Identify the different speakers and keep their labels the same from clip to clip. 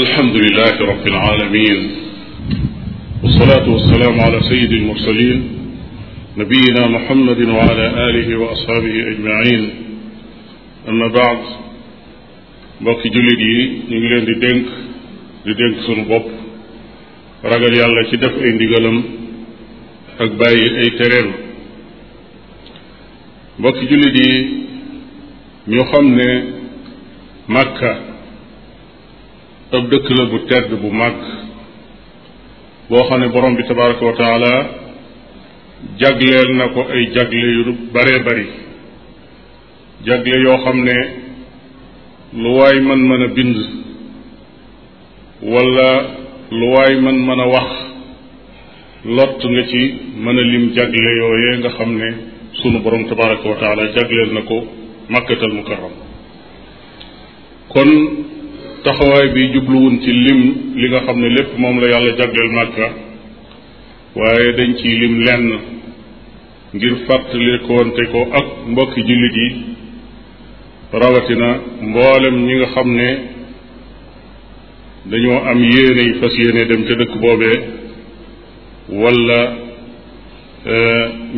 Speaker 1: alhamdulilahi rabbil alamin wasalaatu wasalaamu ala sayidi almursalin nabiyina muhammadin wa ala alihi wa ashaabihi ajmain amma baad mbokki jullit yi ñu ngi leen di dénk di dénk sunu bopp ragal yàlla ci def ay ndigalam ak bàyyi ay tereem mbokki jullit yi ñu xam ne màkka ab dëkk la bu tedd bu màgg boo xam ne borom bi tabaraka wa taala na ko ay jagle yu baree bari jagle yoo xam ne lu waay mën mën a bind wala lu waay mën mën a wax lott nga ci mën a lim jagle yooyee nga xam ne sunu borom tabaraka wa taala na ko makkatal mukarram kon taxawaay bi jubluwun ci lim li nga xam ne lépp moom la yàlla jagleel màkka waaye dañ ci lim lenn ngir fàttalikoonte ko ak mbokki jullit yi rawatina mboolem ñi nga xam ne dañoo am yéene yi fas yéene dem ca dëkk boobee walla e,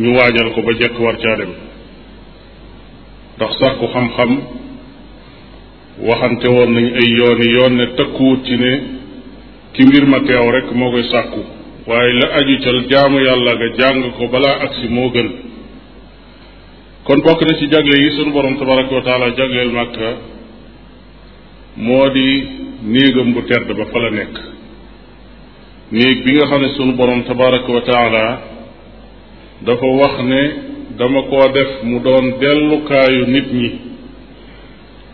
Speaker 1: ñu waajal ko ba jekk war caa dem ndax sàkku xam-xam waxante woon nañ ay yoon i yoon ne tëkkuwut ci ne ki mbir ma teew rek moo koy sàkku waaye la aju cal jaamu yàlla nga jàng ko balaa agsi moo gën kon bokk na ci jagle yi sunu borom tabaraka wa taala màkka moo di néegam bu tedd ba fa la nekk néeg bi nga xam ne sunu borom tabaraka wa taala dafa wax ne dama ko def mu doon dellukaayu nit ñi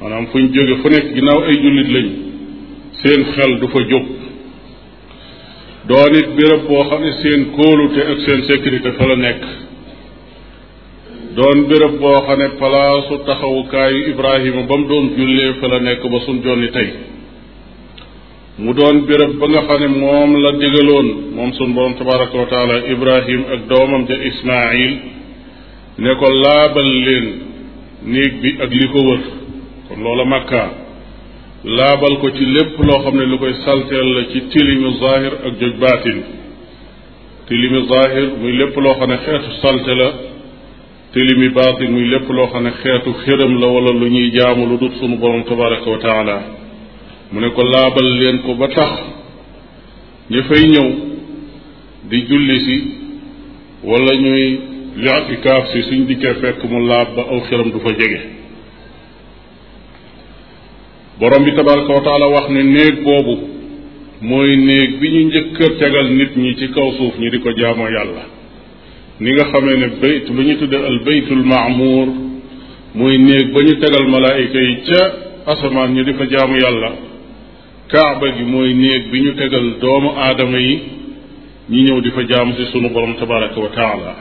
Speaker 1: maanaam fu ñu jóge fu nekk ginnaaw ay jullit lañ seen xel du fa jóg doon it béréb boo xam ne seen kóolute ak seen sécurité fa la nekk doon béréb boo xam ne palaasu taxawukaayu Ibrahima ba mu doon jullee fa la nekk ba suñ jonni tey mu doon béréb ba nga xam ne moom la digaloon moom suñ borom tabaraka wa taala ak doomam ja Ismail ne ko laabal leen néeg bi ak li ko wër kon loola makka laabal ko ci lépp loo xam ne lu koy salteel la ci tilimi zahir ak joj baatin tilimi zahir muy lépp loo xam ne xeetu salte la tilimi baatin muy lépp loo xam ne xeetu xéram la wala lu ñuy jaamu lu dut sunu borom tabaraka wa taala mu ne ko laabal leen ko ba tax ñi ñëw di julli si wala ñuy liatikaaf si suñ dikkee fekk mu laab ba aw xéram du fa jege borom bi tabaraka wa wax ne néeg boobu mooy néeg bi ñu njëkk kër tegal nit ñi ci kaw suuf ñi di ko jaamoo yàlla ni nga xame ne bayt ba ñu tuddee al baytul maamuur mooy néeg ba ñu tegal malaayika yi ca asamaan ñi di fa jaamu yàlla kaaba gi mooy néeg bi ñu tegal doomu aadama yi ñi ñëw di fa jaamu ci sunu borom tabaraka wa taala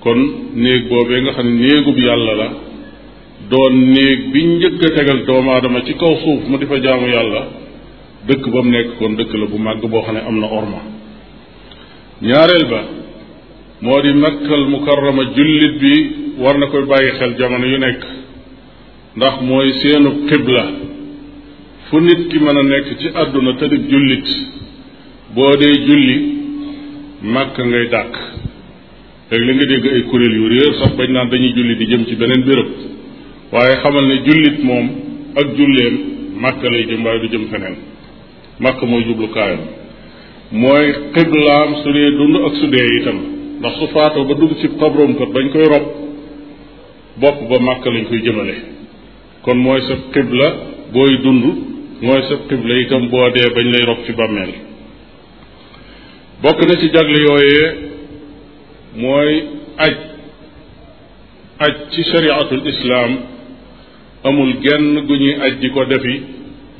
Speaker 1: kon néeg boobee nga xam ne néegub yàlla la doon néeg bi njëkk a tegal doomu ci kaw suuf mu di fa jaamu yàlla dëkk ba mu nekk kon dëkk la bu màgg boo xam ne am na orma ñaareel ba moo di makkal mukarrama jullit bi war na koy bàyyi xel jamono yu nekk ndax mooy seenu xibla fu nit ki mën a nekk ci àdduna te di jullit boo dee julli màkk ngay dàkk léegi la nga dégg ay kuréel yu réer sax bañ naan dañuy julli di jëm ci beneen béréb waaye xamal ne jullit moom ak julleem màkk lay jëm du jëm feneen màkk mooy jublukaayam mooy xiblaam su dee dund ak su dee itam ndax su faatoo ba dugg ci xabroom kat bañ koy rob bopp ba màkk lañ koy jëmale kon mooy sa xibla booy dund mooy sa xibla itam boo dee bañ lay rob ci bàmmeel bokk na ci jagle yooyee mooy aj aj ci shariatul islaam amul genn gu ñuy aj di ko defi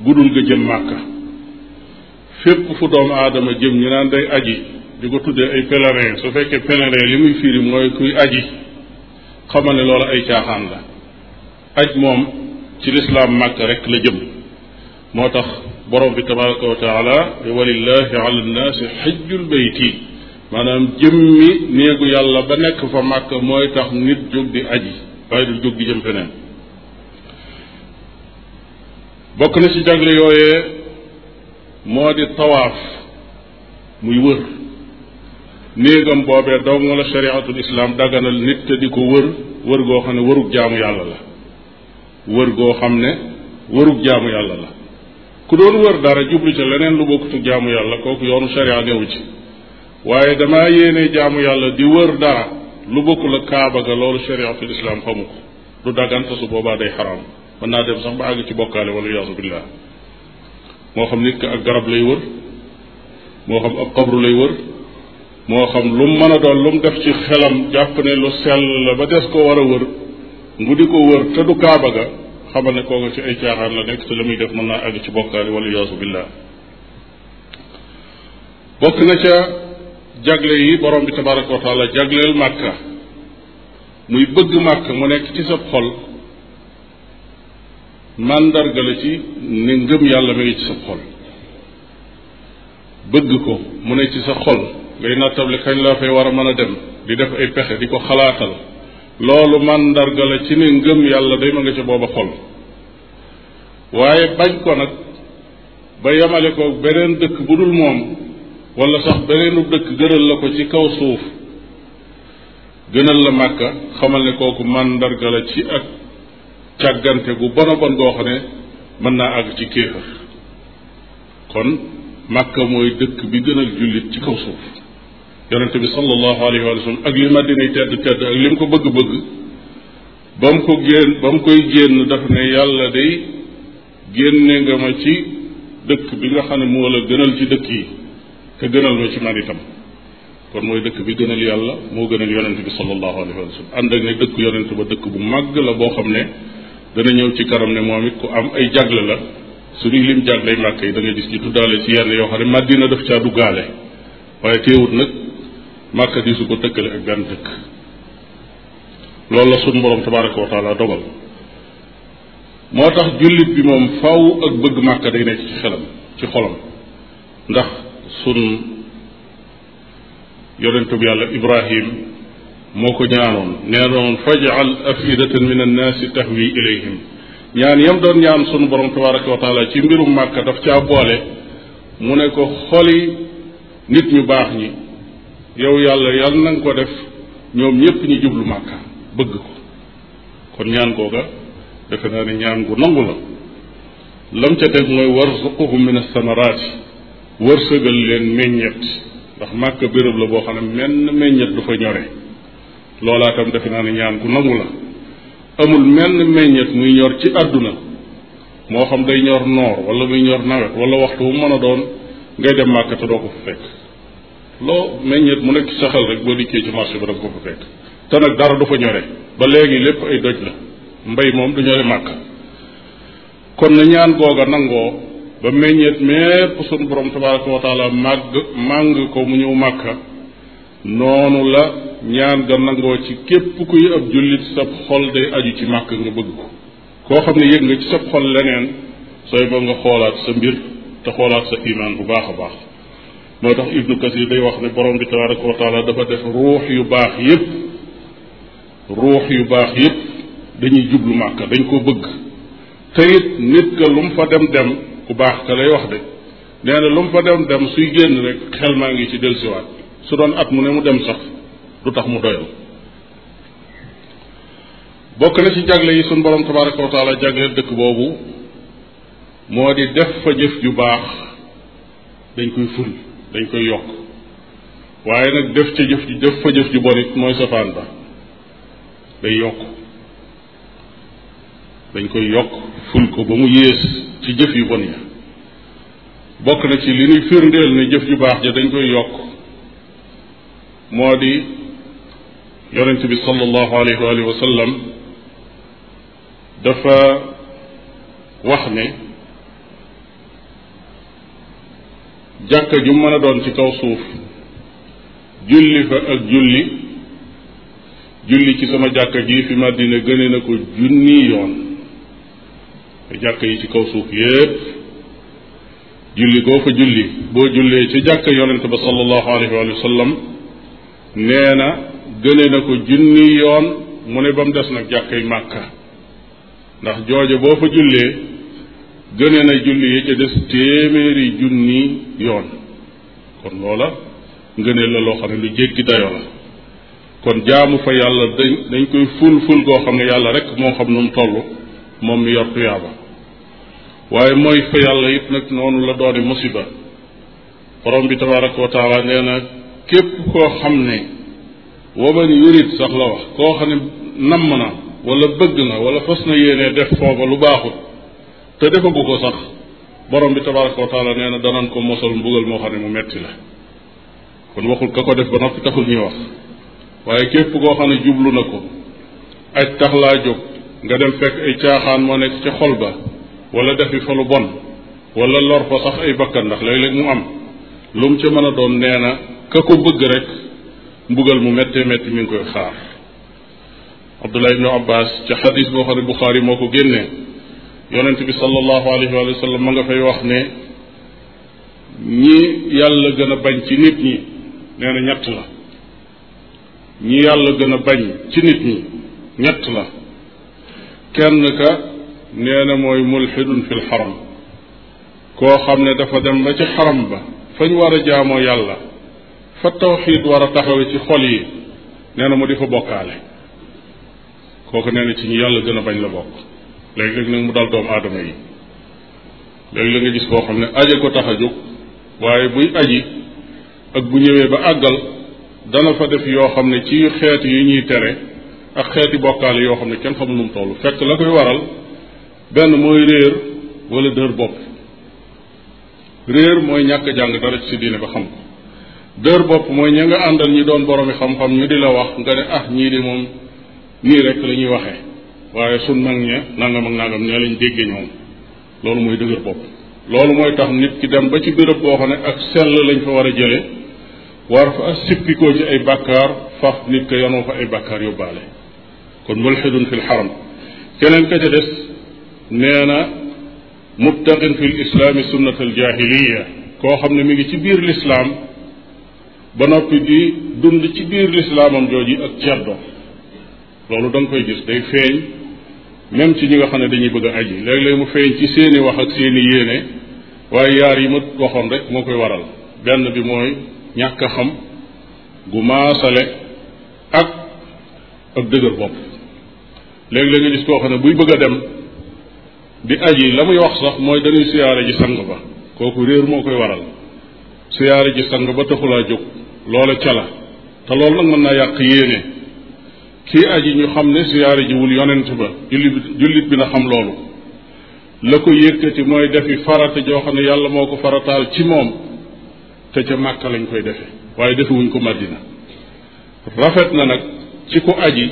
Speaker 1: gudul ga jëm màkka fépp fu doomu aadama jëm ñu naan day aji di ko tuddee ay pèlerin su fekkee pèlerin li muy firi mooy kuy aji xamal ne loolu ay caaxaan la aj moom ci lislaam màkka rek la jëm moo tax borom bi tabaraka wa taala walillahi ala nnaasi xajjul bayti maanaam jëmmi néegu yàlla ba nekk fa màkk mooy tax nit jóg di aji waaye du jóg di jëm feneen bokk na ci jagle yooyee moo di tawaaf muy wër néegam boobee dong la shariatul islam daganal nit te di ko wër wër goo xam ne wërug jaamu yàlla la wër goo xam ne wërug jaamu yàlla ku doon wër dara jublu ca leneen lu bokkutu jaamu yàlla kooku yoonu sharia newu ci waaye damaa yéene jaamu yàlla di wër dara lu bokkul ak kaaba ga loolu shariatul islam xamu ko du daggante su boobaa day xaraam mën naa dem sax ba àgg ci bokkaale wala yaasu billah moo xam nit ki ak garab lay wër moo xam ab xabru lay wër moo xam lu mu mën a doon lu mu def ci xelam jàpp ne lu sell la ba des koo war a wër ngu di ko wër te du kaaba ga xamal ne kooku ci ay caaxaan la nekk te la muy def mën naa àgg ci bokkaale wala yaasu billah bokk na ca jagle yi borom bi tabaraka wa taala jagleel màkka muy bëgg màkk mu nekk ci sab xol màndarga la ci ne ngëm yàlla mi ngi ci sa xol bëgg ko mu ne ci sa xol ngay nattable kañ laa fa war a mën a dem di def ay pexe di ko xalaatal loolu màndarga la ci ne ngëm yàlla day ma nga ca booba xol waaye bañ ko nag ba yamale ko beneen dëkk bu dul moom wala sax beneenu dëkk gënal la ko ci kaw suuf gënal la màkka xamal ne kooku màndarga la ci ak càggante gu bon a bon goo xam ne mën naa àgg ci kéefër kon màkka mooy dëkk bi gën a jullit ci kaw suuf yonente bi sallallahu alayhi wa sallam ak li madinay tedd tedd ak li mu ko bëgg-bëgg ba mu ko génn ba mu koy génn daf ne yàlla day génne nga ma ci dëkk bi nga xam ne moo la gënal ci dëkk yi te gënal ma ci man itam kon mooy dëkk bi gënal yàlla moo gënal yonente bi sallallahu alayhi wa sallam ànd ak ne dëkk yonente ba dëkk bu màgg la boo xam ne dana ñëw ci kanam ne moom it ku am ay jagle la suñuy lim jagley màkk yi da nga gis ñu tuddaale ci yenn yoo xam ne Madina daf caa gaale waaye teewut nag màkk di su ko tëkkale ak benn dëkk loolu la suñ borom tabaraka wa taala dogal moo tax jullit bi moom faw ak bëgg màkk day nekk ci xelam ci xolam ndax sun yonentu bi yàlla Ibrahim moo ko ñaanoon nee doon fajal afidatan min annaasi tahwi ilayhim ñaan yam doon ñaan suñu borom tabaraka wa taala ci mbirum màkka daf caa boole mu ne ko xoli nit ñu baax ñi yow yàlla yal na nga ko def ñoom ñépp ñi jublu màkka bëgg ko kon ñaan googa defe naa ne ñaan gu nangu la lam ca teg mooy warzuquhum min asamaraati wërsëgal leen meññet ndax màkka béréb la boo xam ne menn meññet du fa ñore loolaa tam naa ne ñaan ku nangu la amul menn meññeet muy ñor ci àdduna moo xam day ñor noor wala muy ñor nawet wala waxtu wu mën a doon ngay dem màkk te doo ko fa fekk loo meññeet mu nekk sa xel rek boo dikkee ci marché bi da ko fa fekk te nag dara du fa ñore ba léegi lépp ay doj la mbay moom du ñore màkk kon na ñaan googa nangoo ba meññeet mépp sunu borom tabaraka wa màgg màng ko mu ñëw màkka noonu la ñaan ga nangoo ci képp kuy ab jullit sab xol day aju ci màkk nga bëgg ko koo xam ne yëg nga ci sab xol leneen sooy ba nga xoolaat sa mbir te xoolaat sa imaan bu baax a baax moo tax ibnu kasir day wax ne borom bi tabaraka wa taala dafa def ruux yu baax yépp ruux yu baax yépp dañuy jublu màkk dañ ko bëgg te nit ka lu mu fa dem dem ku baax ka lay wax de nee na lu mu fa dem dem suy génn rek xel maa ngi ci dellusiwaat su doon at mu ne mu dem sax lu tax mu doylu bokk na ci jagle yi sunu borom tabaraka wa taala jagleel dëkk boobu moo di def fa jëf ju baax dañ koy ful dañ koy yokk waaye nag def ca jëf ju def fa jëf ju bon it mooy safaan ba day yokk dañ koy yokk ful ko ba mu yées ci jëf yu bon ya bokk na ci li ñuy firndeel ne jëf ju baax ja dañ koy yokk moo di yonent bi sallallahu alayhi wa sallam dafa wax ne jàkka ju mën doon ci kaw suuf julli fa julli julli ci sama jàkka ji fi Madina gëne na ko junni yoon te jàkka yi ci kaw suuf yépp julli goo fa julli boo jullee ci jàkka yonent ba sallallahu alayhi wa sallam nee gëne na ko junni yoon mu ne ba mu des nag jàkkay màkka ndax jooja boo fa jullee gëne na julli yi ca des téeméeri junni yoon kon loola ngëneel la loo xam ne lu jéggi dayo la kon jaamu fa yàlla dañ dañ koy ful ful koo xam ne yàlla rek moo xam nu mu toll moom mi yor tuyaaba waaye mooy fa yàlla it nag noonu la dooni musiba borom bi tabaraka wa taala nee na képp koo xam ne wa man yurid sax la wax koo xam ne namm na wala bëgg na wala fas na yéenee def foofa lu baaxut te defagu ko sax borom bi tabaraka wa nee na danañ ko mosal mbugal moo xam ne mu metti la kon waxul ka ko def ba noppi taxul ñuy wax waaye képp koo xam ne jublu na ko aj tax laa jóg nga dem fekk ay caaxaan moo nekk ca xol ba wala defi fa lu bon wala lor fa sax ay bakkan ndax léeg-léeg mu am lum mu ca mën a doon nee na ka ko bëgg rek mbugal mu méttee métti mi ngi koy xaar abdullah ibnu abbas ci xadis boo xam ne buxaari moo ko génnee yonent bi sallallahu alayhi wa sallam ma nga fay wax ne ñi yàlla gën a bañ ci nit ñi nee na ñett la yàlla gën bañ ci nit ñi ñett la kenn ka nee na mooy mulxidun fil xaram koo xam ne dafa dem ba ci xaram ba fañ war a jaamoo yàlla fa tawxiid war a taxawe ci xol yi nee na mu di fa bokkaale kooku nee na ci ñu yàlla gën a bañ la bokk léegi-léeg nag mu dal doomu aadama yi léegi la nga gis koo xam ne aje ko tax a jóg waaye buy aji ak bu ñëwee ba àggal dana fa def yoo xam ne ci xeeti yu ñuy tere ak xeeti bokkaale yoo xam ne kenn xamul nu mu toll fekk la koy waral benn mooy réer wala dër bopp réer mooy ñàkk jàng dara ci diine ba xam ko dër bopp mooy ña nga àndal ñi doon boromi xam-xam ñu di la wax nga ne ah ñii di moom nii rek la ñuy waxee waaye sun mag ña nangam ak nangam nee lañ dégge ñoom loolu mooy dëgër bopp loolu mooy tax nit ki dem ba ci béréb boo xam ne ak sell lañ fa war a jële war fa sippikoo ci ay bàkkaar faf nit ka yanoo fa ay bàkkaar yóbbaale kon mulxidun fi lxaram keneen ka ca des nee na mubtaqin fi lislaami sunnat aljaahiliya koo xam ne mi ngi ci biir lislaam ba noppi di dund ci biir lislaamam jooju ak ceddo loolu da koy gis day feeñ même ci ñi nga xam ne dañuy bëgg a aji léeg-léeg ma feeñ ci seeni wax ak seeni yéene waaye yaar yi ma waxoon rek moo koy waral benn bi mooy ñàkk xam gu maasale ak ak dëgër bopp léeg-léeg gis koo xam ne buy bëgg a dem di yi la muy wax sax mooy dañuy siyaare ji sang ba kooku réer moo koy waral siyaare ji sang ba taxulaa jóg loola ca la te loolu nag mën naa yàq yéene kii aji ñu xam ne siyaare ji wul yonent ba jullit bi na xam loolu la ko yëkkati mooy defi farata joo xam ne yàlla moo ko farataal ci moom te ca màkka lañ koy defe waaye defewuñ ko madina rafet na nag ci ku aji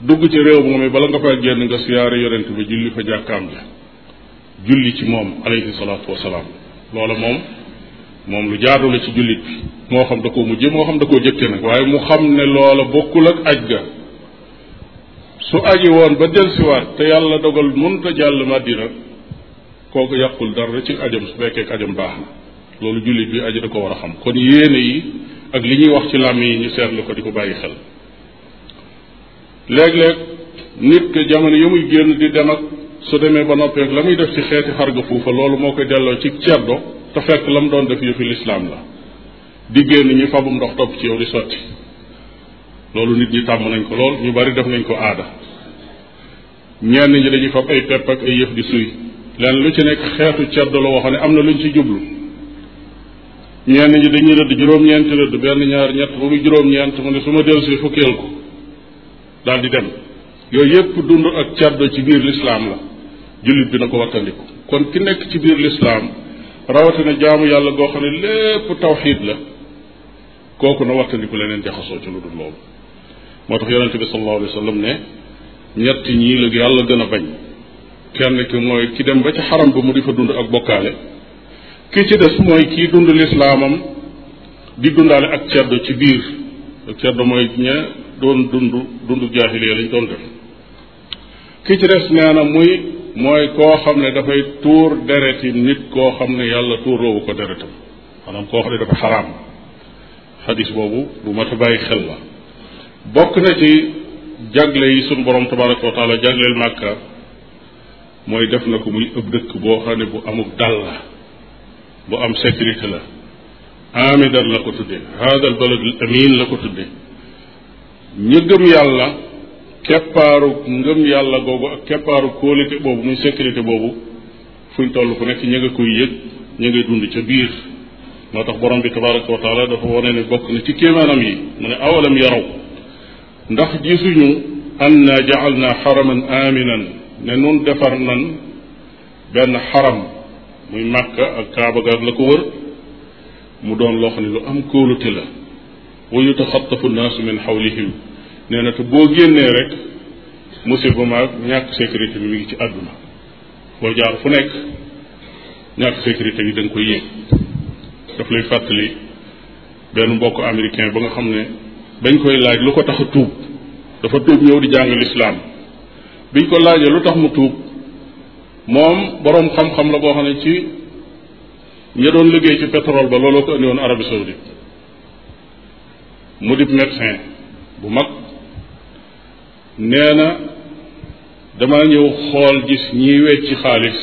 Speaker 1: dugg ci réew moom yi bala nga fay génn nga siyaare yonent bi julli fa jàkkaam ja julli ci moom alayhi salaatu wasalaam loola moom moom lu jaadu la ci jullit bi moo xam da koo mujje moo xam da koo jëkke nag waaye mu xam ne loola bokkul ak aj ga su aji woon ba delsiwaat te yàlla dogal mënta jàll Madina kooku yàqul dara ci ajam su fekkee ajam baax na loolu jullit bi aji da ko war a xam kon yéene yi ak li ñuy wax ci làmm yi ñu seetlu ko di ko bàyyi xel léeg-léeg nit ke jamono yi muy génn di dem ak su demee ba noppeek la muy def ci xeeti xarga fuufa loolu moo koy delloo ci ceddo te fekk la mu doon def yëfi lislaam la di génn ñu fabum ndox topp ci yow di sotti loolu nit ñi tàmm nañ ko lool ñu bari def nañ ko aada ñenn ñi dañuy fab ay pepp ak ay yëf di suy lenn lu ci nekk xeetu cedd la waxoon ne am na luñ ci jublu ñenn ñi dañuy rëdd juróom-ñeenti rëdd benn ñaar ñett ba muy juróom-ñeent mu ne su ma dellusi fukkeel ko daal dem yooyu yëpp dund ak ceddo ci biir lislaam la jullit bi na ko wattandiku kon ki nekk ci biir lislaam rawatina jaamu yàlla goo xam ne lépp tawxiid la kooku na waxtandiku leneen jaxasoo ci lu dul loolu moo tax yonente bi sallallahu alayhi ne ñett ñii yàlla gën bañ kenn ki mooy ki dem ba ci mu di fa dund ak bokkaale ki ci des mooy kii dund lislaamam di dundaale ak ceddo ci biir ak ceddo mooy ña doon dund dund jaahiliya lañ doon def ki ci des nee muy mooy koo xam ne dafay tuur dereti nit koo xam ne yàlla tuuroowu ko deretam maanaam koo xam ne dafa xaraam xadis boobu bu mat a xel la bokk na ci jagle yi suñ borom tabaraka wa taala jagleel màkka mooy def na ko muy ëpp dëkk boo xam ne bu amul dal la bu am sécurité la amidan la ko tudde haada al balad la ko tudde ñu yàlla keppaaru ngëm yàlla googu ak keppaaru kóolite boobu muy sécurité boobu fuñ toll fu nekk ña nga koy yëg ña dund ca biir moo tax borom bi tabaraka wa taala dafa wane ne bokk na ci kéemaanam yi mu ne awalam yaraw ndax gisuñu anna jaalna xaraman aminan ne nun defar nan benn xaram muy màkka ak kaaba ga la ko wër mu doon loo ne lu am kóolute la wa yutaxatafu nnaasu min xawlihim nee na te boo génnee rek musiba maag ñàkk sécurité bi mi ngi ci àdduna boo jaar fu nekk ñàkk sécurité bi da koy yëg daf lay fàttali benn mbokk américain ba nga xam ne bañ koy laaj lu ko tax tuub dafa tuub ñëw di jàng lislaam biñ ko laajee lu tax mu tuub moom boroom xam-xam la boo xam ne ci ña doon liggéey ci pétrole ba looloo ko indi woon Arabie Saoudite mu dib médecin bu mag nee na dama ñëw xool gis ñiy wecci xaalis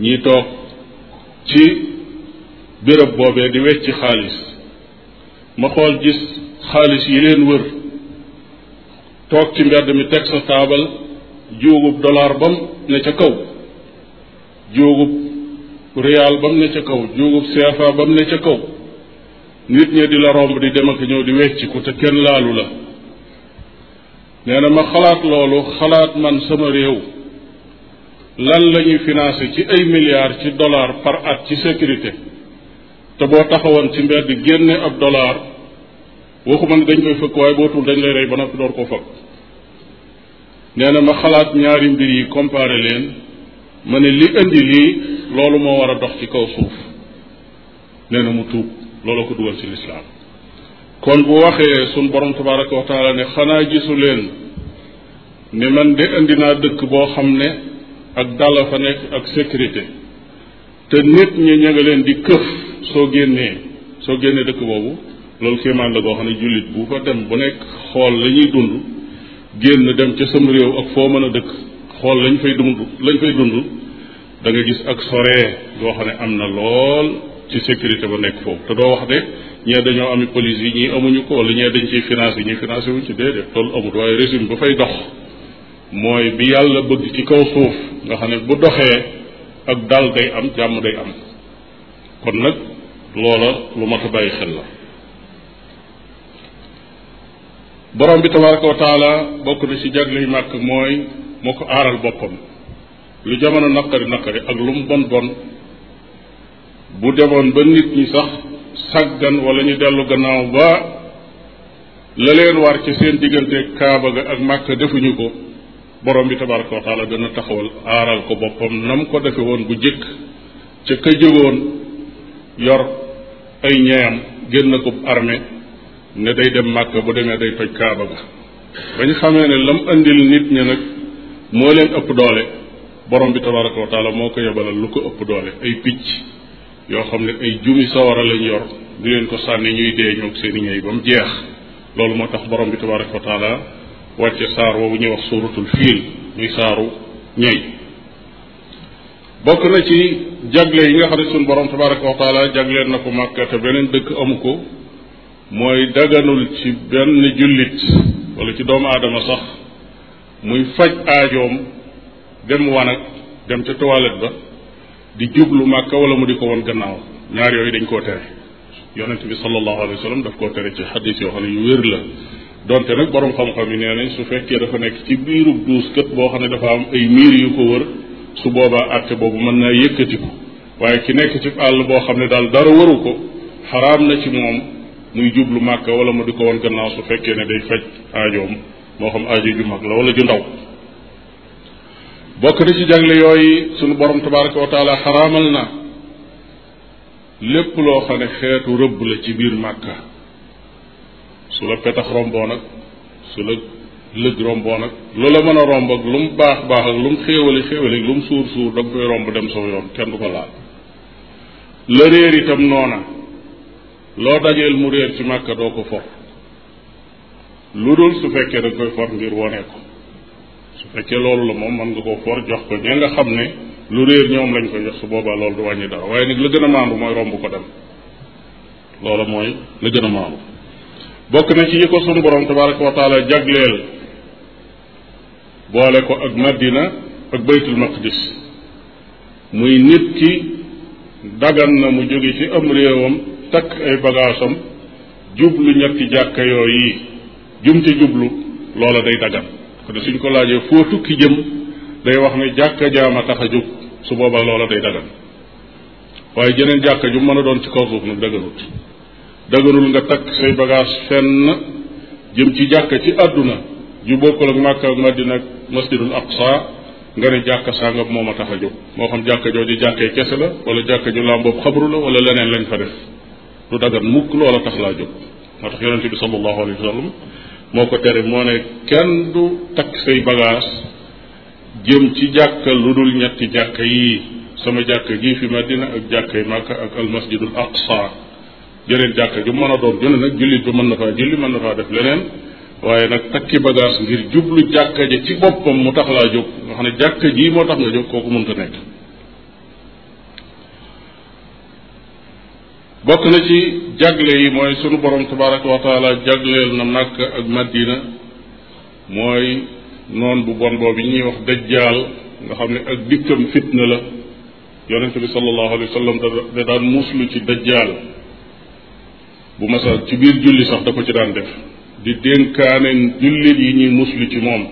Speaker 1: ñi toog ci béréb boobee di wecci xaalis ma xool gis xaalis yi leen wër toog ci mbedd mi teg sa taabal juugub dollar bam ne ca kaw juugub riyaal bam ne ca kaw juugub CFA bam ne ca kaw nit ñi di la romb di dem ak ñëw di wecci ku te kenn laalu la nee na ma xalaat loolu xalaat man sama réew lan lañuy ñuy financé ci ay milliards ci dollar par at ci sécurité te boo taxawoon ci mber mbedd génne ab dollar waxuma ne dañ koy fëkk waaye bootul dañ lay rey ba noppi door ko fëkk nee na ma xalaat ñaari mbir yi comparé leen ma ne li indi lii loolu moo war a dox ci kaw suuf nee na mu tuub looloo ko dugal ci lislaam kon bu waxee sun borom tabaraka wa taala ne xanaa gisu leen ni man de indi naa dëkk boo xam ne ak dala fa nekk ak sécurité te nit ñi ña leen di këf soo génnee soo génnee dëkk boobu loolu kéemaan la goo xam ne jullit bu fa dem bu nekk xool lañuy dund génn dem ca sam réew ak foo mën a dëkk xool lañ fay dund lañ fay dund da nga gis ak soree goo xam ne am na lool ci sécurité ba nekk foofu te doo wax de ñee dañoo ami polise yi ñii amuñu ko wala ñee dañ ciy financé ñii financé wuñ ci déedéet loolu amut waaye régime ba fay dox mooy bi yàlla bëgg ci kaw suuf nga xam ne bu doxee ak dal day am jàmm day am kon nag loola lu mat a bàyyi xel la borom bi tabaraka wa taala bokk na ci jagle yi màkk mooy moo ko aaral boppam lu jamono naqari naqari ak lu mu bon bon bu demoon ba nit ñi sax sàggan wala ñu dellu gannaaw ba la leen war ci seen diggante kaaba ga ak màkka defuñu ko borom bi tabaraka wa taala dana taxawal aaral ko boppam nam ko defe woon bu jëkk ca ka jógoon yor ay ñeyam génn ko armée ne day dem màkka bu demee day toj kaaba ga bañ xamee ne lam andil nit ña nag moo leen ëpp doole borom bi tabaraka wa taala moo ko yebalal lu ko ëpp doole ay picc yoo xam ne ay jumi sawara lañ yor di leen ko sànni ñuy dee ñoog seen i ñëy ba mu jeex loolu moo tax borom bi tabaraka wa taala wàcce saar woowu ñuy wax suuratul fiil ñuy saaru ñëy bokk na ci jagle yi nga xam ne suñu borom tabaraka wa taala jagleen na ko màkka beneen dëkk amu ko mooy daganul ci benn jullit wala ci doomu aadama sax muy faj aajoom dem wanag dem ca toilette ba di jublu màkka wala mu di ko woon gannaaw ñaar yooyu dañ koo tere yonent bi sallallahu alayhi wa sallam daf koo tere ci xadis yoo xam ne yu wér la donte nag boroom xam-xam yi nee nañ su fekkee dafa nekk ci biirub duus kët boo xam ne dafa am ay miir yu ko wër su boobaa àtte boobu mën naa yëkkatiku waaye ki nekk ci àll boo xam ne daal dara waru ko xaraam na ci moom muy jublu màkka wala ma di ko wan gannaaw su fekkee ne day faj aajoom moo xam aajo ju mag la wala ju ndaw bokk na ci jagle yooyu sunu borom tabaraka wa na lépp loo xam ne xeetu rëbb la ci biir màkka su la petax romboo nag su la lëj romboo nag lu la mën a romb ak lu mu baax baax ak lu mu xéewali xéewali ak lu mu suur suur da koy romb dem saw yoon kenn du ko laal la réer itam noona loo dajeel mu réer ci màkka doo ko for lu dul su fekkee da koy for ngir wone ko su fekkee loolu la moom mën nga koo for jox ko ña nga xam ne lu réer ñoom lañ koy jox su boobaa loolu du wàññi dara waaye nag la gën a maandu mooy romb ko dem loola mooy la gën a maandu bokk na ci yi ko sunu borom tabaraka wa taala jagleel boole ko ak madina ak baytul maqdis muy nit ki dagan na mu jóge ci am réewam takk ay bagaasam jublu ñetti jàkka yooyu yi jum ci jublu loola day dagan kon suñ ko laajee foo tukki jëm day wax ne jàkka jaama tax a jóg su boobaa loola day dagan waaye jeneen jàkka ju mën a doon ci kaw suuf nag daganut daganul nga takk say bagage fenn jëm ci jàkka ci àdduna ju bokkul ak Màkka ak Madina ak masjidul Aqsa nga ne jàkka sangam moo ma tax a jóg moo xam jàkka jooju jàkkee kese la wala jàkka ju làmboob xabru la wala leneen lañ fa def du dagan mukk loola tax laa jóg moo tax yonente bi sallallahu alayhi wa moo ko tere moo ne kenn du takk say bagage jëm ci jàkka lu dul ñetti jàkka yii sama jàkka gii fi madina ak jàkkay màkka ak almasjidul aqsa jëneen jàkka ju mën a doon jëne nag jullit bi mën na faa julli mën na faa def leneen waaye nag takki bagage ngir jublu jàkka ja ci boppam mu tax laa jóg nga xam ne jàkka jii moo tax nga jóg kooku mënta nekk bokk na ci jagle yi mooy sunu borom tabaraka wa taala jagleel na màkka ak madina mooy noon bu bon boobu ñuy wax dajjaal nga xam ne ak dikkam fitna la yonente bi sallallahu alayhi wa da daan muslu ci dajjaal bu masa ci biir julli sax da ko ci daan def di dénkaane jullit yi ñuy muslu ci moom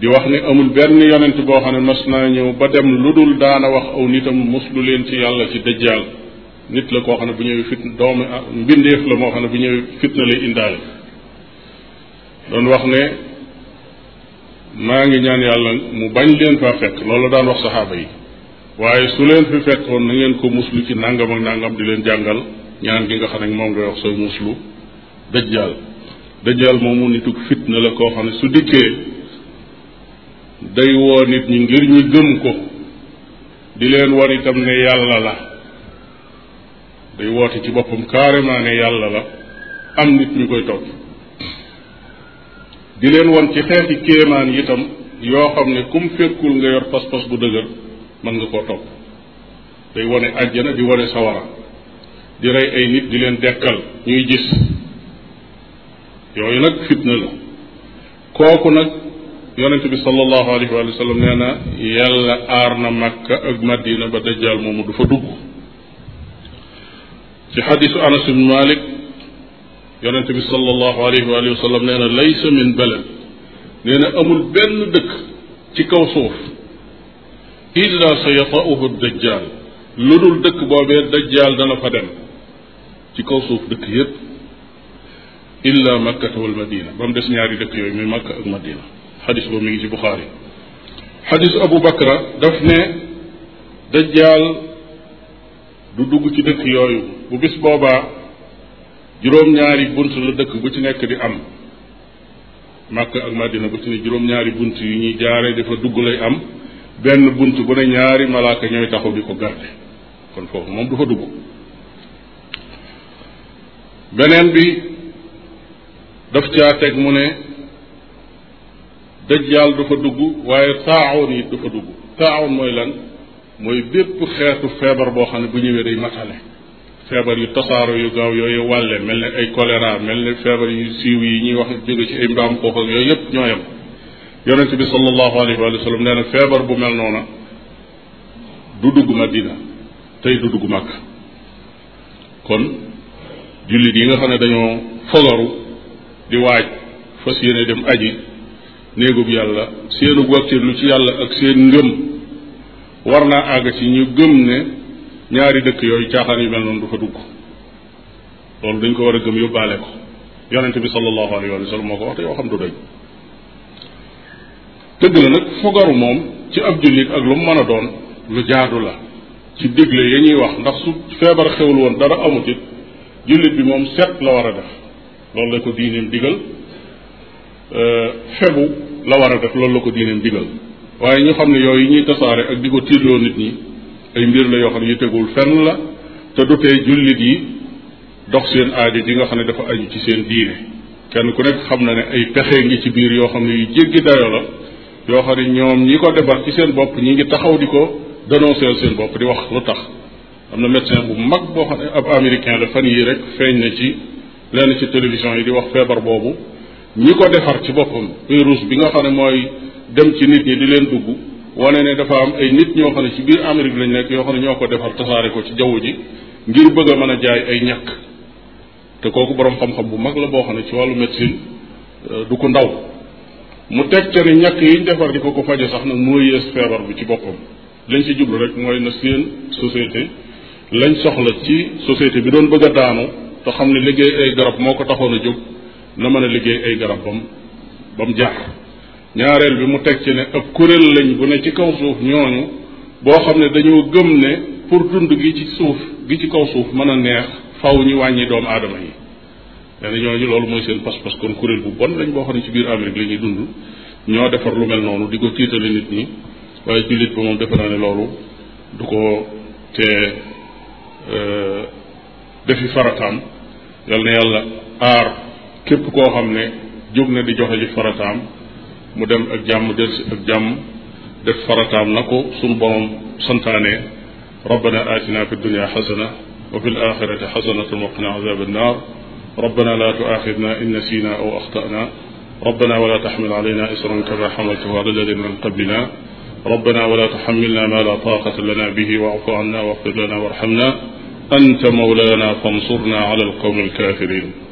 Speaker 1: di wax ni amul benn yonent boo xam ne mas naa ñëw ba dem lu dul daana wax aw nitam muslu leen ci yàlla ci dajjaal nit la koo xam ne bu ñëwee fit doomu la moo xam ne bu ñëwee fitna lay indaale doon wax ne maa ngi ñaan yàlla mu bañ leen faa fekk la daan wax saxaaba yi waaye su leen fi fekkoon na ngeen ko muslu ci nangam ak nangam di leen jàngal ñaan gi nga xam ne moom ngay wax sooy muslu dajjal dajjal moomu nituk la koo xam ne su dikkee day woo nit ñi ngir ñu gëm ko di leen war itam ne yàlla la day woote ci boppam carrément ne yàlla la am nit ñu koy topp di leen won ci xeeti kéemaan yitam yoo xam ne kum fekkul nga yor pas-pas bu dëgër mën nga koo topp day wone àjjana di wone sawara di rey ay nit di leen dekkal ñuy gis yooyu nag fitna la kooku nag yonent bi sallallahu alayhi wa sallam nee na yàlla aar na makka ak madina ba dajjal moomu du fa dugg ci xadisu anas ibn malik yonente bi sallallahu alayhi wa sallam nee na laysa min balad nee na amul benn dëkk ci kaw suuf illa sa yatauhu dajjal lu dul dëkk boobee dajjal dana fa dem ci kaw suuf dëkk yépp illa makkata wal madina ba mu des ñaari dëkk yooyu muy makka ak madina xadis boobu mi ngi ci buxaari xadis abu bakra daf ne dajjal du dugg ci dëkk yooyu bu bis boobaa juróom-ñaari bunt la dëkk bu ci nekk di am Màkka ak màddina bu ci ne juróom-ñaari bunt yu ñuy jaare dafa dugg lay am benn bunt bu ne ñaari malaaka ñooy taxaw bi ko garde kon foofu moom du fa dugg beneen bi daf caa teg mu ne dajjaal du fa dugg waaye taaxoon yi du fa dugg taaxoon mooy lan mooy bépp xeetu feebar boo xam ne bu ñëwee day matale feebar yu tasaaro yu gaaw yooyu wàlle mel ne ay choléra mel ne feebar yu siiw yi ñuy wax jóge ci ay mbaam xoox ak yooyu yëpp ñooyam yonente bi sallallahu alayhi wa sallam nee feebar bu mel noona du dugg Madina tey du dugg Makka kon jullit yi nga xam ne dañoo fogaru di waaj fas yéene dem aji néegub yàlla seenu wàccirlu ci yàlla ak seen ngëm war naa àgg ci ñu gëm ne ñaari dëkk yooyu caaxaan yu mel du fa dugg loolu dañ ko war a gëm yóbbaale ko yonente bi sallallahu alayhi wa sallam moo ko wax te xam du dañ dëgg la nag fogaru moom ci ab jullit ak lu mu mën a doon lu jaadu la ci digle ya ñuy wax ndax su feebar xewul woon dara amut it jullit bi moom seet la war a def loolu la ko diineem digal euh, febu la war a def loolu la ko diineem digal waaye ñu xam ne yooyu ñuy tasaare ak di ko tiidloo nit ñi ay mbir la yoo xam ne yu tegul fenn la te du tee jullit yi dox seen aajo ji nga xam ne dafa aju ci seen diine kenn ku nekk xam na ne ay pexe ngi ci biir yoo xam ne yu jéggi dayo la yoo xam ne ñoom ñi ko defar ci seen bopp ñi ngi taxaw di ko dénoncer seen bopp di wax lu tax am na médecin bu mag boo xam ne ab américain la fan yii rek feeñ na ci lenn ci télévision yi di wax feebar boobu ñi ko defar ci boppam virus bi nga xam ne mooy dem ci nit ñi di leen dugg wane ne dafa am ay nit ñoo xam ne ci biir Amérique lañ nekk yoo xam ne ñoo ko defar tasaare ko ci jaww ji ngir bëgg a mën a jaay ay ñàkk te kooku boroom xam-xam bu mag la boo xam ne ci wàllu médecine euh, du ko ndaw mu te ne ñàkk yiñ defar di ko ko faje sax nag moo yées feebar bi ci boppam lañ ci jublu rek mooy na seen société lañ soxla ci société bi doon bëgg a daanu te xam ne liggéey ay garab moo ko taxoon a jóg na mën a liggéey ay garab bam ba jaar ñaareel bi mu teg ci ne ab kuréel lañ bu ne ci kaw suuf ñooñu boo xam ne dañoo gëm ne pour dund gi ci suuf gi ci kaw suuf mën a neex faw ñu wàññi doomu aadama yi nee na ñooñu loolu mooy seen pas-pas kon kuréel bu bon lañ boo xam ne ci biir Amérique la ñuy dund ñoo defar lu mel noonu di ko tiitali nit ñi waaye jullit ba moom ne loolu du ko te euh, defi farataam yal na yàlla aar képp koo xam ne jóg ne di joxe ji farataam mu dem ak jàmm delsi ak jàmm def farataam na ko suñ borom santaane rabbana aatina fi dunia xasana wa fi alaxirati xasanatan wa qina azab annar rabbana la tuaxidna in nasina aw axtana ربنا ولا تحمل علينا إصرا كما حملته على الذين من قبلنا ربنا ولا تحملنا ما لا طاقة لنا به واعف عنا واغفر لنا وارحمنا أنت مولانا فانصرنا على القوم الكافرين